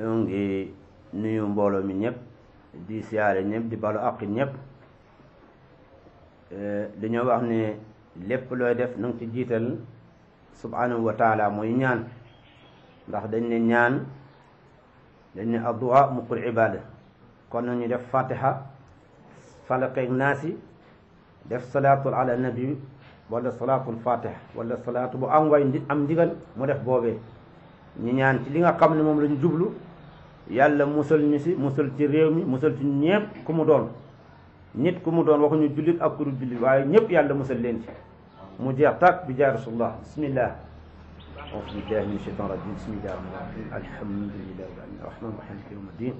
ñoo ngi nuyu mbooloo mi ñëpp di siyaare ñëpp di balu àq ñëpp dañoo wax ne lépp looy def na ci jiital subhanahu wa taala mooy ñaan ndax dañ ne ñaan dañ ne addu'a muqul ibada kon nañu def fatiha falaqeeg naasi def salaatul ala nabi wala salaatul fatiha wala salaatu bu am way am ndigal mu def boobee ñu ñaan ci li nga xam ne moom la ñu jublu yàlla musal ñu si musal ci réew mi musal ci ñëpp ku mu doon nit ku mu doon waxuñu jullit ak ku dul jullit waaye ñëpp yàlla musal leen ci mu jeex tàkk bi jaay rasulullah bismillah أعوذ بالله من الشيطان الرجيم بسم الله الرحمن الرحيم الحمد لله رب العالمين الرحمن الرحيم مالك يوم الدين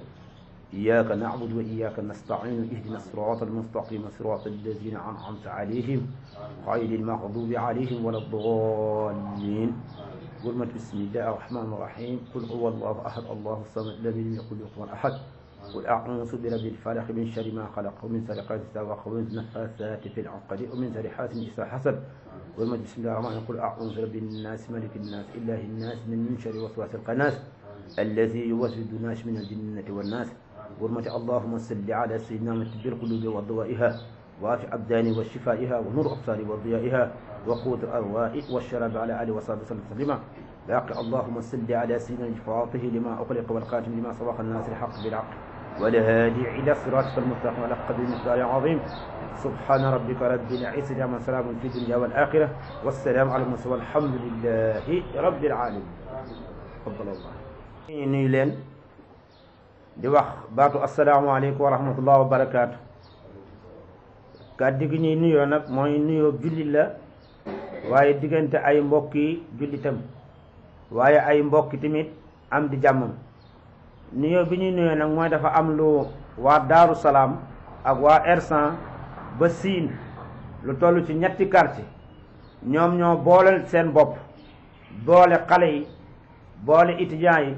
إياك نعبد وإياك نستعين اهدنا الصراط المستقيم صراط الذين أنعمت عليهم غير المغضوب عليهم ولا الضالين قول بسم الله الرحمن الرحيم قل هو الله أحد الله الصمد لم يلد ولم يكن أحد قل أعوذ برب الفلق من شر ما خلق ومن سرقات السواق ومن نفاثات في العقد ومن سر حاسد إذا حسد قل بسم الله الرحمن الرحيم قل أعوذ برب الناس ملك الناس إله الناس من شر وسواس القناس الذي يوسوس الناس من الجنة والناس قل اللهم صل على سيدنا محمد بالقلوب وضوائها وافي أبداني وشفائها ونور أبصاري وضيائها وقود الأرواح والشراب على آله وصحبه وسلم باقي اللهم صل على سيدنا فاطه لما أقلق والقاتم لما صباح الناس الحق بالعقل والهادي إلى صراطك المستقيم على قدر المقدار العظيم سبحان ربك رب العزة عما سلام في الدنيا والآخرة والسلام على المستوى الحمد لله رب العالمين تفضل الله نيلين leen di wax السلام عليكم ورحمه الله وبركاته kàddu gi ñuy nuyoo nag mooy nuyoo jullit la waaye diggante ay mbokki jullitam waaye ay mbokki tamit am di jàmmam nuyoo bi ñuy nuyoo nag mooy dafa am lu waa Daaru Salaam ak waa Ersan ba Siin lu toll ci ñetti quartier ñoom ñoo booleel seen bopp boole xale yi boole étudiants yi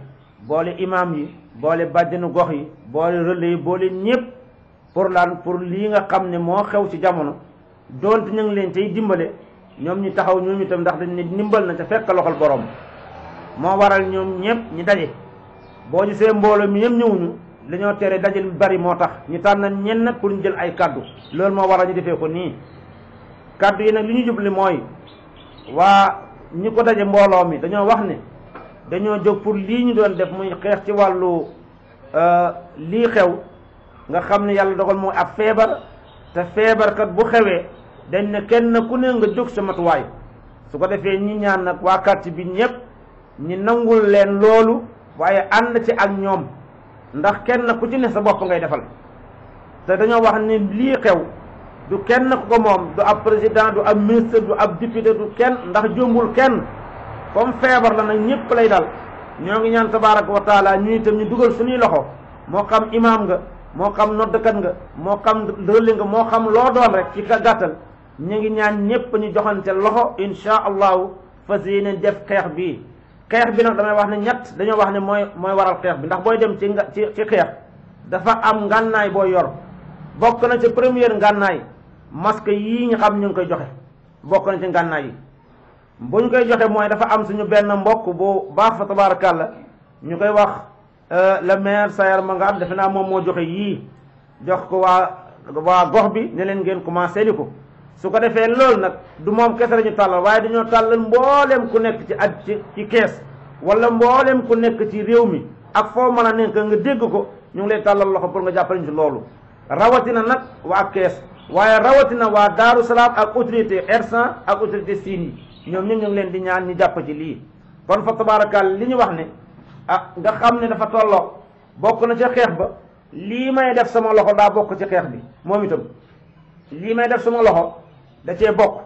boole imam yi boole bàjjenu gox yi boole relais yi boole ñépp pour laan pour lii nga xam ne moo xew ci jamono donte ñu ngi leen ciy dimbale ñoom ñu taxaw ñu ñu itam ndax dañ ne ndimbal na ca fekk loxol borom moo waral ñoom ñëpp ñi daje boo gisee mbooloo mi yëpp ñëwuñu dañoo tere dajal lu bari moo tax ñu tànn ñenn pour ñu jël ay kàddu loolu moo waral ñu defee ko nii kàddu yi nag li ñu jubli mooy waa ñi ko daje mbooloo mi dañoo wax ne dañoo jóg pour lii ñu doon def muy xeex ci wàllu euh, lii xew nga xam ne yàlla dogal mooy ab feebar te feebarkat bu xewee dañ ne kenn ku ne nga jóg sa matuwaay su ko defee ñi ñaan nag waa quartier bi ñëpp ñi nangul leen loolu waaye ànd ci ak ñoom ndax kenn ku ci ne sa bopp ngay defal te dañoo wax ni lii xew du kenn ku ko moom du ab président du ab ministre du ab député du kenn ndax jombul kenn comme feebar la nag ñëpp lay dal ñoo ngi ñaan tabaraka wa taala ñu itam ñu dugal suñuy loxo moo xam imaam nga moo xam noddkat nga moo xam dëlli nga moo xam loo doon rek ci gàttal ñu ngi ñaan ñépp ñu joxante loxo insha allahu fas yéene def xeex bii xeex bi nag damay wax ne ñett dañoo wax ne mooy mooy waral xeex bi ndax booy dem ci nga ci ci xeex dafa am ngànnaay boo yor bokk na ci première ngànnaay masque yii ñu xam ñu ngi koy joxe bokk na ci ngànnaay yi bu ñu koy joxee mooy dafa am suñu benn mbokk bu baax fa tabaarakàlla ñu koy wax Euh, le maire Sayar am defe naa moom moo joxe yii jox ko waa waa gox bi ne leen ngeen commencé li ko su ko defee loolu nag du moom kese la ñu tàllal waaye dañoo tàllal mbooleem ku nekk ci at ci ci kees wala mbooleem ku nekk ci réew mi ak foo mën a nekk nga dégg ko ñu ngi leen tàllal loxo pour nga jàppale ni ci loolu rawatina nag waa kees waaye rawatina waa Daaru Salaam ak autorité Hersent ak autorité Sine yi ñoom ñëpp ñu ngi leen di ñaan ñu jàpp ci lii kon li ñu wax ne ah nga xam ne dafa tolloo bokk na ca xeex ba lii may def sama loxo daa bokk ci xeex bi moom itam lii may def sama loxo da cee bokk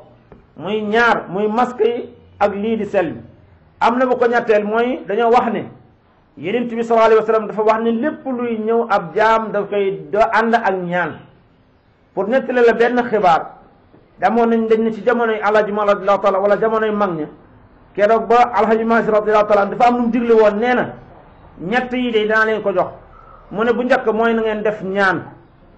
muy ñaar muy masque yi ak lii di sel bi am na bu ko ñetteel mooy dañoo wax ne yonent bi sallallahu alayhi dafa wax ne lépp luy ñëw ab jaam daf koy doo ak ñaan pour nettali la benn xibaar damoon nañ dañ ne ci jamonoy alaaji ma radiyallahu taala wala jamonoy mag ña keroog ba alxaji Maalik radiyallaahu taala dafa am lu mu digle woon nee na ñett yi de danaa leen ko jox mu ne bu njëkk mooy nangeen def ñaan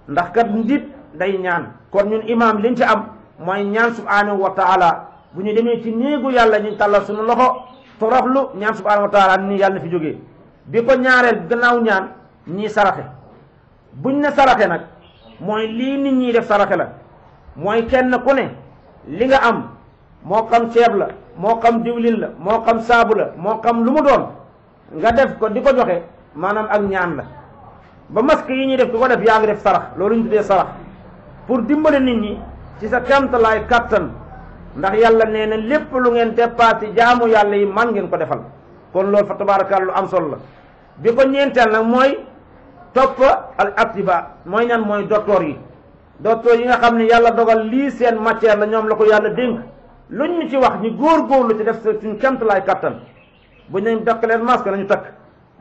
ndax kat njiit day ñaan kon ñun imaam liñ ci am mooy ñaan subhaanahu wa taala bu ñu demee ci néegu yàlla ñu tàllal suñu loxo toroxlu ñaan subhaanahu wa taala nii yàlla na fi jógee bi ko ñaareel gannaaw ñaan ñii saraxe buñ ne saraxe nag mooy lii nit ñi def saraxe la mooy kenn ku ne li nga am mo xam ceeb la mo xam diwlin la mo xam saabu la mo xam lu mu doon nga def ko di ko joxe manam ak ñaan la ba masque yi ñi def ko def yaa ngi def sarax loolu ñu tuddee sarax pour dimbale nit ñi ci sa lay kàttan ndax yàlla nee na lu ngeen dépassé jaamu yàlla yi man ngeen ko defal kon loolu fa tabaarakaal lu am solo la bi ko ñeenteel nag mooy al atiba mooy ñan mooy docteur yi docteur yi nga xam ne dogal lii seen matière la ñoom la ko yàlla dénk luñ ñu ci wax ñi góor ñu góorgóorlu ci def suñ kemtalaay kattan buñ leen dakk leen masque nañu takk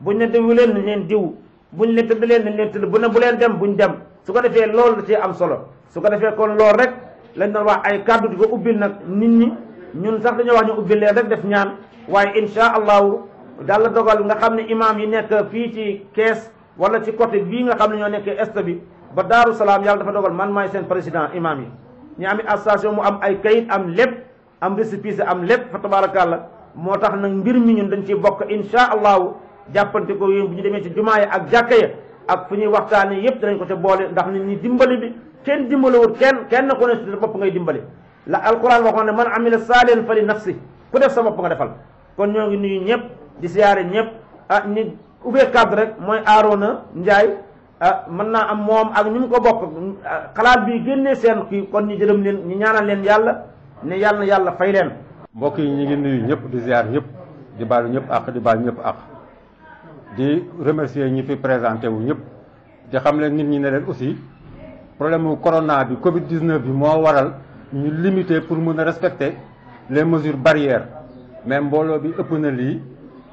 buñ ne diwu leen nañ leen diw buñ leen tëdd leen nañ leen tëdd bu ne bu leen dem buñ dem su ko defee loolu la ci am solo su ko defee kon lool rek lañ doon wax ay kàddu di ko ubbil nag nit ñi ñun sax dañoo wax ñu ubbil leen rek def ñaan waaye insha allahu daal la dogal nga xam ne imaam yi nekk fii ci kees wala ci côté bii nga xam ne ñoo nekkee est bi ba daaru salaam yàlla dafa dogal man maay seen président imaam yi ñu am association mu am ay kayit am lépp am récépissé am lepp fa tabarakallah moo tax nag mbir mi ñun dañ ci bok insha allah jàppante ko yéen bu ñu démé ci juma ya ak jakka ya ak fu ñuy waxtaane yépp dañ ko ci bolé ndax nit ñi dimbali bi kenn wu kenn kenn ko ne ci bop ngay dimbali la alquran waxo ne man amila saalihan fa li nafsi ku def sa bop nga defal kon ñoo ngi nuyu ñëpp di ziaré ñëpp ah ñi ubé cadre rek moy arona njaay ah man na am mom ak ñu ko bok ah, xalaat bi génné sen ki kon ñu jërëm leen ñi ñaanal leen yalla ni yàlla yalla yàlla fay leen mbokk yi ñi ngi nuyu ñëpp di ziar ñëpp di baalu ñëpp ak di baal ñëpp ak di remercier ñi fi présenté wu ñëpp di xam leen nit ñi ne leen aussi problème mu corona bi Covid 19 bi mo waral ñu limiter pour mëna respecter les mesures barrières même mbolo bi ëpp na li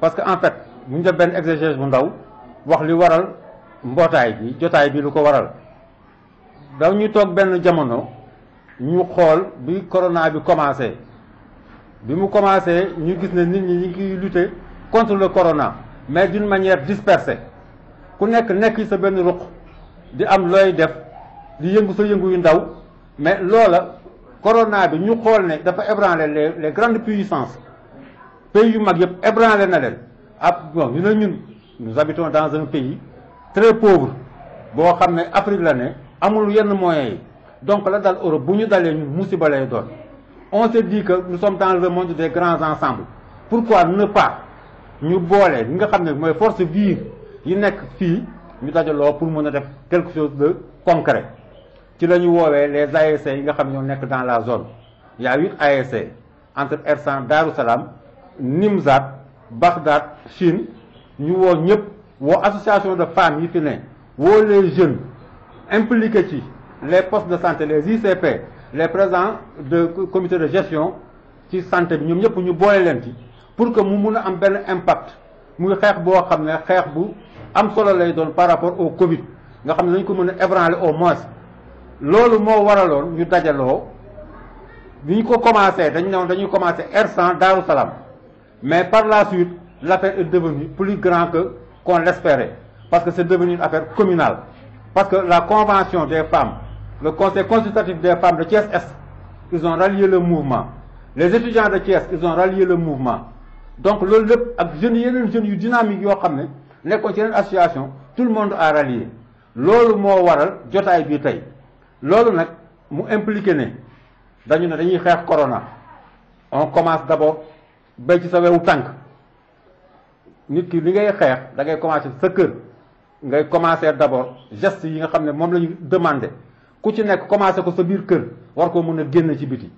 parce que en fait bu ñu ben benn bu ndaw wax li waral mbootaay bi jotaay bi lu ko waral daw ñu toog benn jamono ñu xool bi corona bi commencé bi mu commencé ñu gis ne nit ñi ñu ngi lutter contre le corona mais d'une manière dispersée ku nekk nekk sa benn ruq di am looy def di yëngu sa yëngu yu ndaw mais loola corona bi ñu xool ne dafa ébranler les les grandes puissances pays yu mag yëpp ébranlé na leen ab bon ñu ne ñun nous habitons dans un pays très pauvre boo xam ne Afrique la ne amul yenn moyens yi donc là, dans Europe bu ñu dalee on se dit que nous sommes dans le monde des grands ensembles pourquoi ne pas nous boole une nga xam ne force vive yi nekk fii ñu pour nous quelque chose de concret ci que nous les ASC yi nga dans la zone Il y a 8 ASC entre Ersan Darussalam, Nimzat Bagdad Chine ñu avons une association de femmes yi fi les jeunes impliqués les postes de santé les ICP les présents de comité de gestion ci santé nous ñoom ñëpp ñu boole pour que nous mun a am impact Nous xeex boo xam bu am solo lay don par rapport au Covid nga xam dañ ko au moins lolu mo waraloon ñu dajaloo biñ ko commencé dañ ne dañuy commencé R100 Daaru salam. mais par la suite l'affaire est devenue plus grand que qu'on l'espérait parce que c'est devenu une affaire communale parce que la convention des femmes le conseil consultatif des femmes de thiès ils ont rallié le mouvement. Les étudiants de Thiès, ils ont rallié le mouvement. Donc, le dynamique qui jeunes, jeunes, jeunes dynamiques, une association, tout le monde a rallié. loolu mo waral jotay bi tay loolu nak mu impliqué né dañu né dañuy xeex corona on commence d'abord béy ci sa wewu tànk nit ki li ngay xeex da ngay commencé sa kër ngay commencé d'abord geste yi nga xamné mom lañu demander. ku ci nekk commencé ko sa biir kër war koo mun a génn ci biti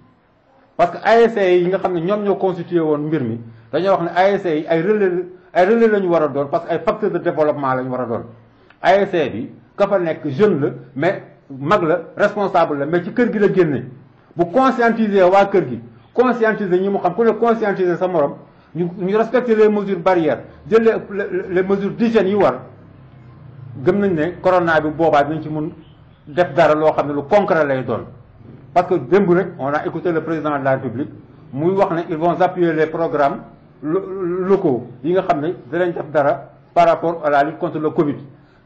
parce que ASC yi nga xam ne ñoom ñoo constitué woon mbir mi dañoo wax ne ASC yi ay relais ay relais la ñu war a doon parce que ay facteur de développement la ñu war a doon ASC bi ka nekk jeune la mais mag la responsable la mais ci kër gi la génne bu conscientiser waa kër gi conscientiser ñi mu xam ku ne conscientiser sa morom ñu ñu respecter les mesures barrières jël les mesures d'hygiène yi war gëm nañ ne corona bi boobaa dinañ ci mun def dara loo xam ne lu concret lay doon parce que démb rek on a écouté le président de la République muy wax ne ils vont appuyer les programmes locaux yi nga xam ne dinañ def dara par rapport à la lutte contre le Covid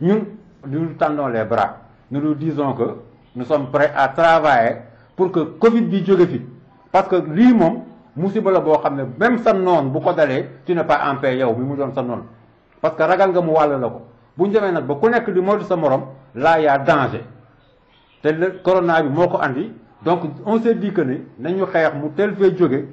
ñun nous tendons les bras nous nous disons que nous sommes prêts à travailler pour que Covid bi jóge fi parce que lii moom musiba la boo xam ne même sa noon bu ko tu n'es pas en paix yow bi mu doon sa noon parce que ragal nga mu wàll la ko bu demee nag ba ku nekk di moytu sa morom y' a danger le corona bi moko andi donc on s'est dit que ne nañu xex mu teel fee jóge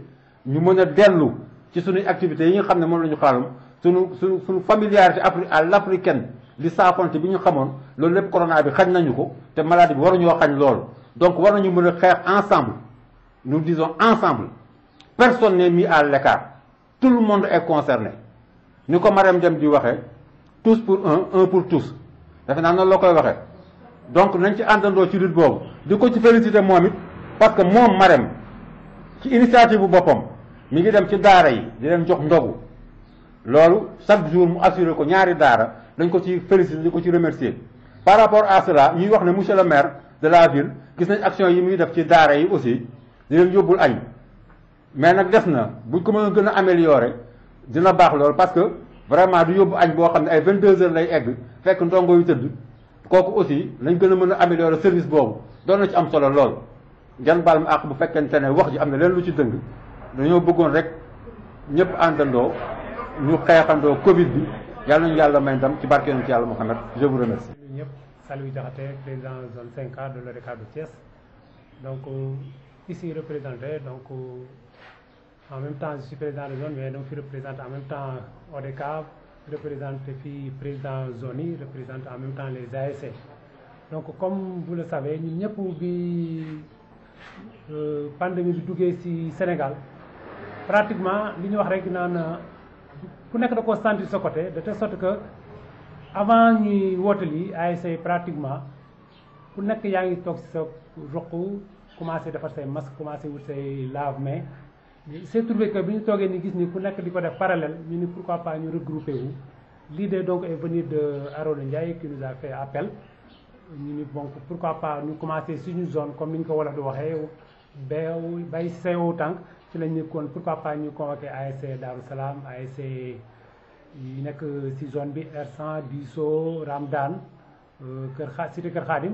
ñu mëna déllu ci suñu activité yi nga xamné ne lañu xalam suñu suñu familiarité à l'africaine di saafonte bi ñu xamone loolu lépp corona bi xañ nañu ko té maladie bi waru ñu xañ lool donc war nañu mëna xex ensemble nous disons ensemble personne n'est mis à l'écart tout le monde est concerné ni ko Marème Deme di waxé tous pour un un pour tous dafa naa noonu la koy waxee donc nañ ci àndandoo ci ci félicité parce que moom je ci initiative bu mi ngi dem ci daara yi di jox ndogu chaque jour mu assuré ko ñaari daara dañ ko ci félicité di ko ci remercier par rapport à cela nous wax ne monsieur le maire de la ville gis nañ action yi muy def ci daara yi aussi di mais nag des na de ko parce que vraiment du yóbbu añ 22 heures lay egg fekk ndongo kooku aussi nañ gëna mëna améliorer service bobu doon na ci am solo lool ngeen bal ma ak bu fekkante ne wax ji am na leen lu ci dëng dañu bëggoon rek ñëpp àndandoo ñu xéxando Covid bi yalla nañu yàlla may ndam ci barke yonent yàlla Mouhamed je vous remercie. ñëpp Saliou Diakhaté président zone 5A de l'ODCAV de Thiès donc euh, ici représenté donc euh, en même temps je suis président de zone mais donc je représente en même temps ODCAV. représente fii président zone yi représente en même temps les ASC donc comme vous le savez ñun ñëpp bi euh, pandémie bi duggee ci Sénégal pratiquement li ñu wax rek naan ku nekk da ko sentir sa côté de telle sorte que avant ñuy woote lii ASC pratiquement ku nekk yaa ngi toog ci sa ruq commencé defar say masque commencé wut say lave-mains c'est trouvé que bi ñu toogee ni gis ni ku nekk di ko def parallèle ñu ni pourquoi pas ñu regrouper wu l'idée donc est venue de Arona Ndiaye qui nous a fait appel ñu ni donc pourquoi pas ñu commencer suñu zone comme ni ñu ko wolof di waxee beew bay sew tànk ci lañ nekkoon pourquoi pas ñu convoqué ASC Darou Salam ASC yi nekk si zone bi R100 Bisso Ramdan euh, Kër xa cité Kër Xaadim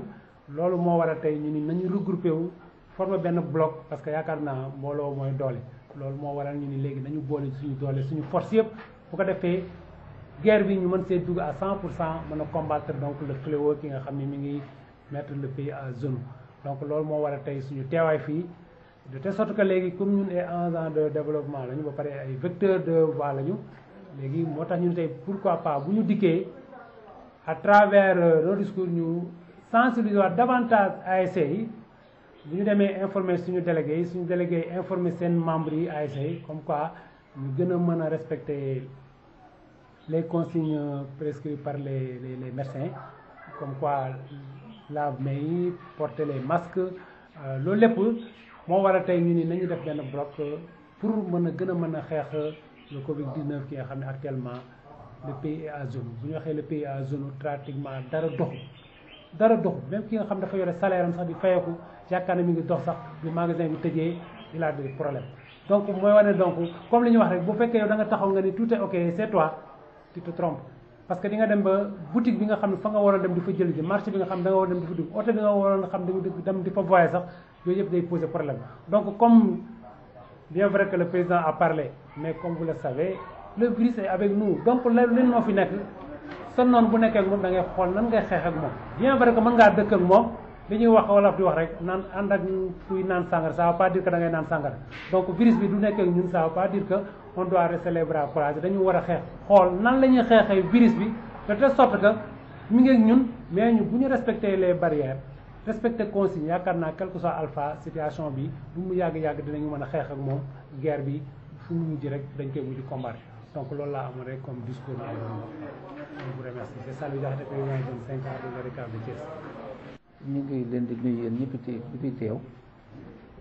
loolu moo war a tey ñu ni nañu regroupé wu former benn bloc parce que yaakaar naa mbooloo mooy doole loolu moo waral ñu ni léegi nañu boole suñu doole suñu force yëpp bu ko defee guerre bi ñu mën see dugg à cent pour cent mën a combattre donc le fléau ki nga xam ne mi ngi mettre le pays à zone donc loolu moo waral tey suñu teewaay fii de te sorte que léegi comme ñun ay agents de développement lañu ba pare ay vecteurs de voie lañu léegi moo tax ñun tey pourquoi pas bu ñu dikkee à travers nos discours ñu sensibiliser davantage ASC e yi bu ñu demee informer suñu délégué yi suñu délégué yi informer seen membres yi ASC comme quoi ñu gën a respecter les consignes prescrites par les les les médecins comme quoi lave-mains yi porter les masques euh, loolu lépp moo war a tey ñu ni nañu def benn bloc pour mën a gën a mën a xeex le Covid 19 qui nga xam ne actuellement le pays à zone bu ñu waxee le pays à zone pratiquement dara dara doxul même ki nga xam dafa yore salaire am sax di fayeku yaakaar na mi ngi dox sax bi magasin bi tëjee il a des problèmes donc mooy wane li ñu wax rek bu fekkee yow nga taxaw nga ni tout est ok c'est toi tu te nga dem ba boutique bi nga xam ne fa nga waroon dem di fa jël ji marché bi nga xam da nga waroon dem di fa dugg oto bi nga waroon xam di fa voyage sax yooyu yëpp day poser problème donc comme bien vrai que le président a parlé mais comme vous le savez le virus e avec nous donc leen moo fi nekk sa non bu nekk ak mom da ngay xol nan ngay xex ak mom bien vrai que man nga dekk ak mom li ñuy wax wala di wax rek nan and ak kuy nan sangar ça va pas dire que da ngay nan sangar donc virus bi du nekk ak ñun ça va pas dire que on doit rester les bras croisés dañu wara xex xol nan la xexé virus bi de telle sorte que mi ngi ak ñun mais ñu buñu respecter les barrières respecter consigne yakar na quelque soit alpha situation bi bu mu yag yag dinañu mëna xex ak mom guerre bi fu mu ñu di rek dañ koy mu di combattre donc loolu laa amoon rek comme discours la amoon donc vraiment c'est ça lu jaxate ko yu may jëm cinq ans de récart de Thiès ñu ngi leen di nuyu yéen ñëpp te ñi fi teew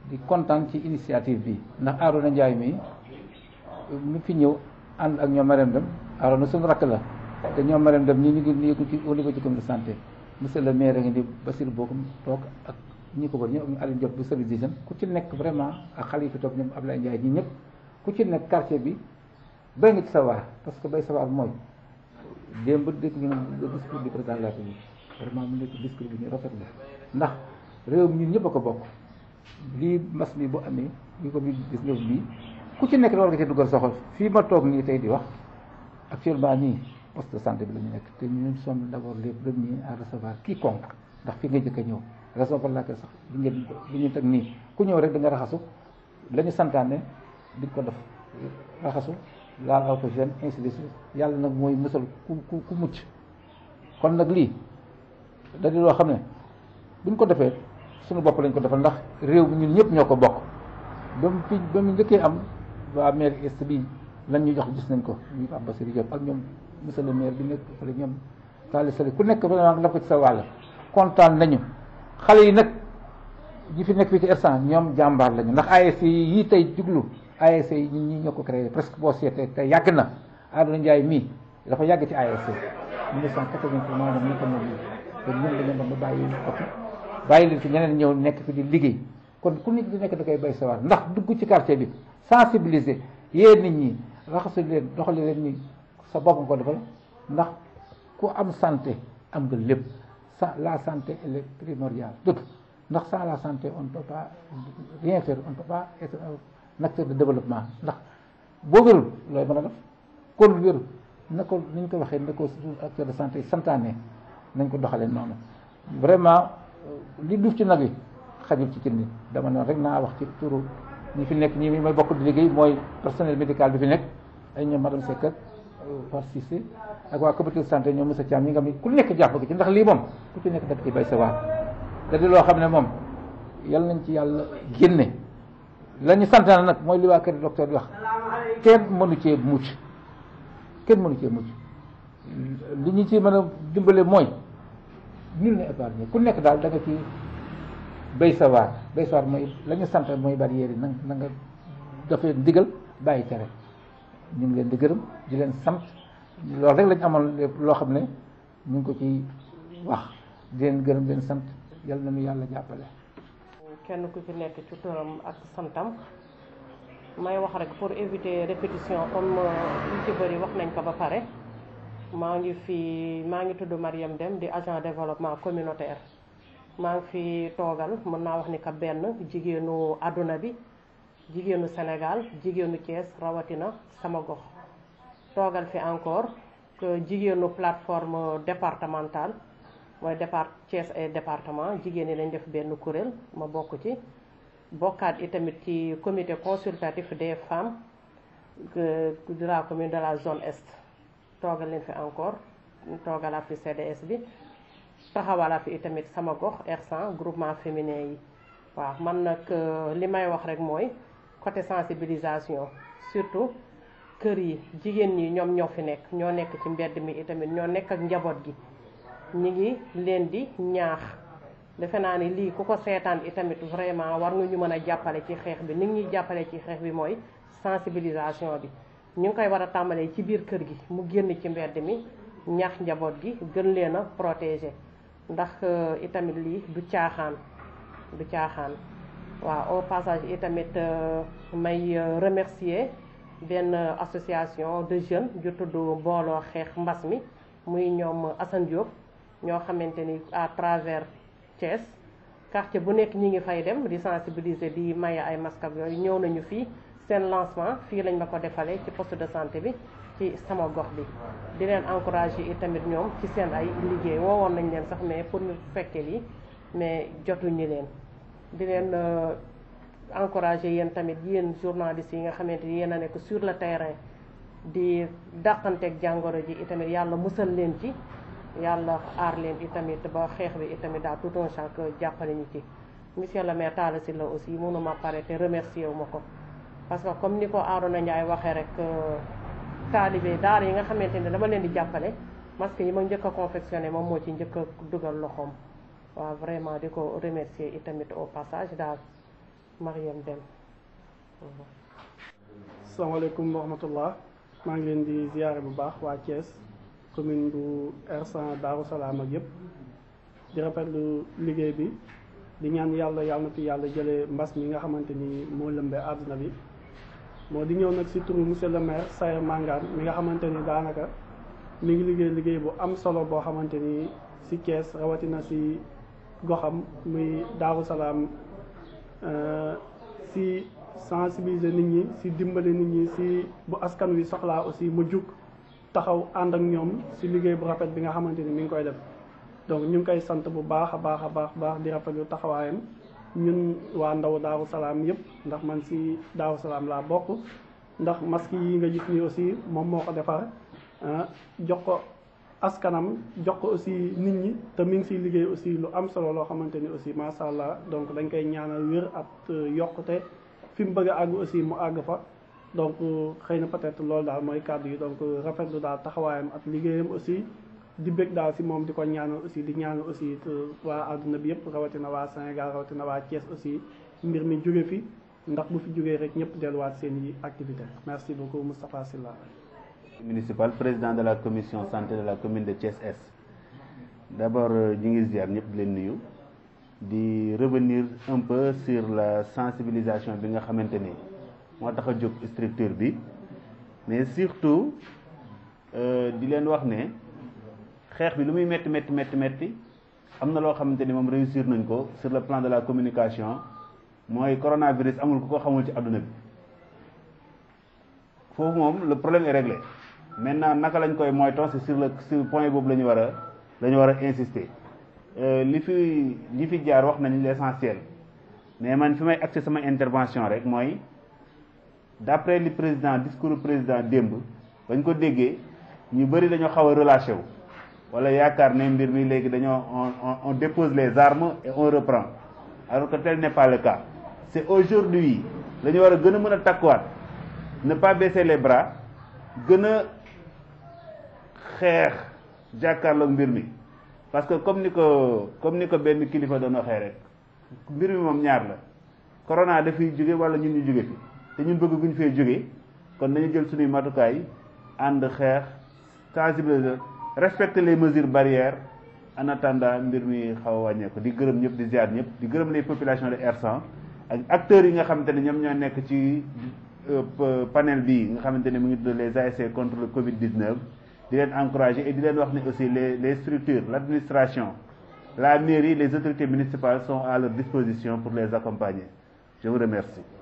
di kontaan ci initiative bi ndax Arona Ndiaye mi mi fi ñëw ànd ak ñoom Marème Dem Arona suñu rakk la te ñoom Marème Dem ñi ñu ngi nuyu ci au niveau ci comité santé monsieur le maire ngi di Basir Bokum toog ak ñi ko wër ñoom Aliou Diop bu service d'hygiène ku ci nekk vraiment ak xale yi fi toog ñoom Ablaye Ndiaye ñi ñëpp ku ci nekk quartier bi bañ ci sa wax parce que bay sa wax mooy démb dégg ñu discours du président de la République vraiment mu nekk discours bi ñu rafet la ndax réew mi ñun ñëpp a ko bokk lii mas mi bu amee ñu ko bi gis ñëw bii ku ci nekk war nga ci dugal soxal fii ma toog nii tey di wax actuellement nii poste de santé bi la ñu nekk te ñun sommes d' abord les premiers à recevoir quiconque ndax fi nga jëkk a ñëw raison pour laquelle sax li ngeen li ñu teg nii ku ñëw rek da nga raxasu la ñu santaane di ko def raxasu laal alxuraan ainsi de yàlla nag mooy musal ku ku ku mucc kon nag lii da loo xam ne buñ ko defee suñu bopp lañ ko defal ndax réew mi ñun ñëpp ñoo ko bokk ba mu fi ba mu njëkkee am waa maire est bi lan jox gis nañ ko ñu am Bassirou Diop ak ñoom monsieur le maire bi nekk fële ñoom Talla ku nekk vraiment daf ko ci sa wàll kontaan nañu xale yi nag ñi fi nekk fii ci instant ñoom jàmbaar lañu ndax ASC yi tey juglu ASC yi ñun ñii ñoo ko créé presque boo seetee te yàgg na Adouna Ndiaye mii dafa yàgg ci ASC 1983 maanaam ñu ko moom te ñun dañoo doon ba bàyyi ko fi bàyyi leen fi ñeneen ñëw nekk fi di liggéey kon ku nit di nekk da koy bay sawar ndax dugg ci quartier bi sensibiliser yéen nit ñi raxasu leen doxali leen ni sa bopp nga ko defal ndax ku am santé am nga lépp sa la santé elle est primordiale tout ndax sans la santé on ne rien faire on ne en acteur développement ndax boo wérul looy mën a def kon na ko ni ñu ko waxee na ko acteur de santé santaane nañ ko doxalee noonu vraiment euh, li duuf ci nag yi xajul ci cin bi dama ne rek naa wax ci turu ñi fi nekk ñi may bokk di liggéey mooy personnel médical bi fi nekk ay ma madame Seck ak Fatou euh, Cissé ak waa comité de santé ñoom monsieur Thiam ñi nga xam ne ku nekk jàpp ci ndax lii moom ku ci nekk daf ci bay sa waar te loo xam ne moom yal nañ ci yàlla génne la ñu nag mooy li waa kër docteur bi wax kenn mënu cee mucc kenn mënu cee mucc li ñu ci mën a dimbale mooy nul ne épargne ku nekk daal danga nga ci bay sawaar bay sawaar mooy la ñu mooy barrière yi na na nga dafee ndigal bàyyi tere ñu ngi leen di gërëm di leen sant loolu rek lañ amoon loo xam ne ñu ngi ko ci wax di leen gërëm di leen sant yal na nu yàlla jàppale kenn ku ci nekk ci turam ak santam may wax rek pour éviter répétition comme yu euh, ci bëri wax nañ ko ba pare maa ngi fi maa ngi tudd mariam dem di agent développement communautaire maa ngi fi toogal mën naa wax ni ka benn jigéenu aduna bi jigéenu sénégal jigéenu thiès rawatina sama gox toogal fi encore que jigéenu plateforme départementale mooy départ Thiès ay département jigéen ñi lañ def benn kuréel ma bokk ci bokkaat itamit ci comité consultatif des femmes de la commune de la zone est toogal leen fi encore toogalaat fi CDS bi taxawalaat fi itamit sama gox R100 groupement féminin yi waaw man nag euh, li may wax rek mooy côté sensibilisation surtout kër yi jigéen ñi ñoom ñoo fi nekk ñoo nekk ci mbedd mi itamit ñoo nekk ak njaboot gi ñi ngi leen di ñaax defe naa ni lii ku ko seetaan itamit vraiment war nga ñu mën a jàppale ci xeex bi ni ñuy jàppale ci xeex bi mooy sensibilisation bi ñu ngi koy war a tàmbalee ci biir kër gi mu génn ci mbedd mi ñaax njaboot gi gën leen a protéger ndax euh, itamit lii du caaxaan du caaxaan waaw au passage itamit euh, may euh, remercier benn association de jeunes ju tudd mbooloo xeex mbas mi muy ñoom Assane Diop ñoo xamante ni à travers Thiès quartier bu nekk ñi ngi fay dem di sensibiliser di maye ay masque yooyu ñëw nañu fii seen lancement fii lañ ma ko defalee ci poste de santé bi ci sama gox bi di leen encourager yi tamit ñoom ci seen ay liggéey woowoon nañ leen sax mais pour ñu fekkee lii mais jotuñu leen di leen euh, encourager yéen tamit yéen journalistes yi nga xamante ni yéen a nekk sur le terrain di dàqanteeg jàngoro ji tamit yàlla musal leen ci yàlla aar leen itamit ba xeex bi itamit daal tout un chacun jàppale ñu ci monsieur le maire Talla Sylla aussi mënuma pare te remercier wu ma ko parce que comme ni ko Arouna Ndiaye waxee rek euh, taalibe daal yi nga xamante ne dama leen di jàppale que yi ma njëkk a confectionné moom moo ci njëkk a dugal loxoom waaw vraiment di ko remercier itamit au passage daal Mariam Deme asalaamaaleykum wa rahmatullah maa ngi leen di ziyaare bu baax waa Thiès commune bu R100 Darou Salaam ak yëpp di rafetlu liggéey bi di ñaan yàlla yàlla na fi yàlla jëlee mbas mi nga xamante ni moo lëmbee àdduna bi moo di ñëw nag si turu monsieur le maire Sayer Mangane mi nga xamante ni daanaka mi ngi liggéey liggéey bu am solo boo xamante ni si Thiès rawatina si goxam muy Darou Salaam euh, si sensibiliser nit ñi si dimbali nit ñi si bu askan wi soxlaa aussi mu jug taxaw ànd ak ñoom si liggéey bu rafet bi nga xamante ni mi ngi koy def donc ñu ngi koy sant bu baax a baax a baax baax di rafetlu taxawaayam ñun waa ndaw daaru salaam yëpp ndax man si daaru salaam laa bokk ndax masque yi nga gis aussi moom moo ko defar ah, jox ko askanam jox ko aussi nit ñi te mi ngi siy liggéey aussi lu am solo loo xamante ni aussi macha allah donc dañ koy ñaanal wér euh, yokkute fi mu bëgg àgg aussi mu àgg fa donc xëy na peut-être loolu daal mooy kàddu yi donc rafetlu daal taxawayam ak ligeyam aussi di bëgg daal si mom diko ñaanal aussi di ñaanal aussi euh, waa aduna bi yëpp rawatina waa Sénégal na wa Thiès aussi mbir mi jóge fi ndax bu fi jógee rek ñëpp delluwaat seen i activité merci beaucoup Moustapha silla municipal président de la commission santé de la commune de Thiès s d'abord euh, ñu ngi ziar ñëpp di len nuyu di revenir un peu sur la sensibilisation bi nga xamanteni moo structure mais surtout euh, di ne sais bi lu muy une structure. metti réussir sur le plan de la communication le coronavirus amul ko xamul le problème est réglé maintenant naka lañ sur le sur point boobu la insister euh, li fi li fi jaar wax nañ l'essentiel mais man intervention rek d'après le président discours président Demb, bañ ko déggee ñu bëri dañoo xaw a relâché wu wala yaakaar ne mbir mi on on dépose les armes et on reprend alors que tel n'est pas le cas c'est aujourd'hui la ñu war a gën ne pas baisser les bras gëna xex xeex jàkkaarloog mbir mi parce que comme niko comme niko ko benn kilifa doon waxee rek mbir mi ñaar la corona dafay juggé wala ñun ñu juggé fi té ñun bëgg faire ñu fee jógee kon nañu jël suñuy matukaay ànd xeex sensibiliser respecter les mesures barrières en attendant mbir mi xaw a wàññeeku di gërëm ñëpp di ziar ñëpp di gërëm les populations de R100 ak acteurs yi nga xamante ne ñoom ñoo nekk ci euh, panel bi nga xamante ne mu ngi tudd les ASC contre le Covid 19 di leen encourager et di leen wax ne aussi les structures l'administration, la mairie les autorités municipales sont à leur disposition pour les accompagner je vous remercie.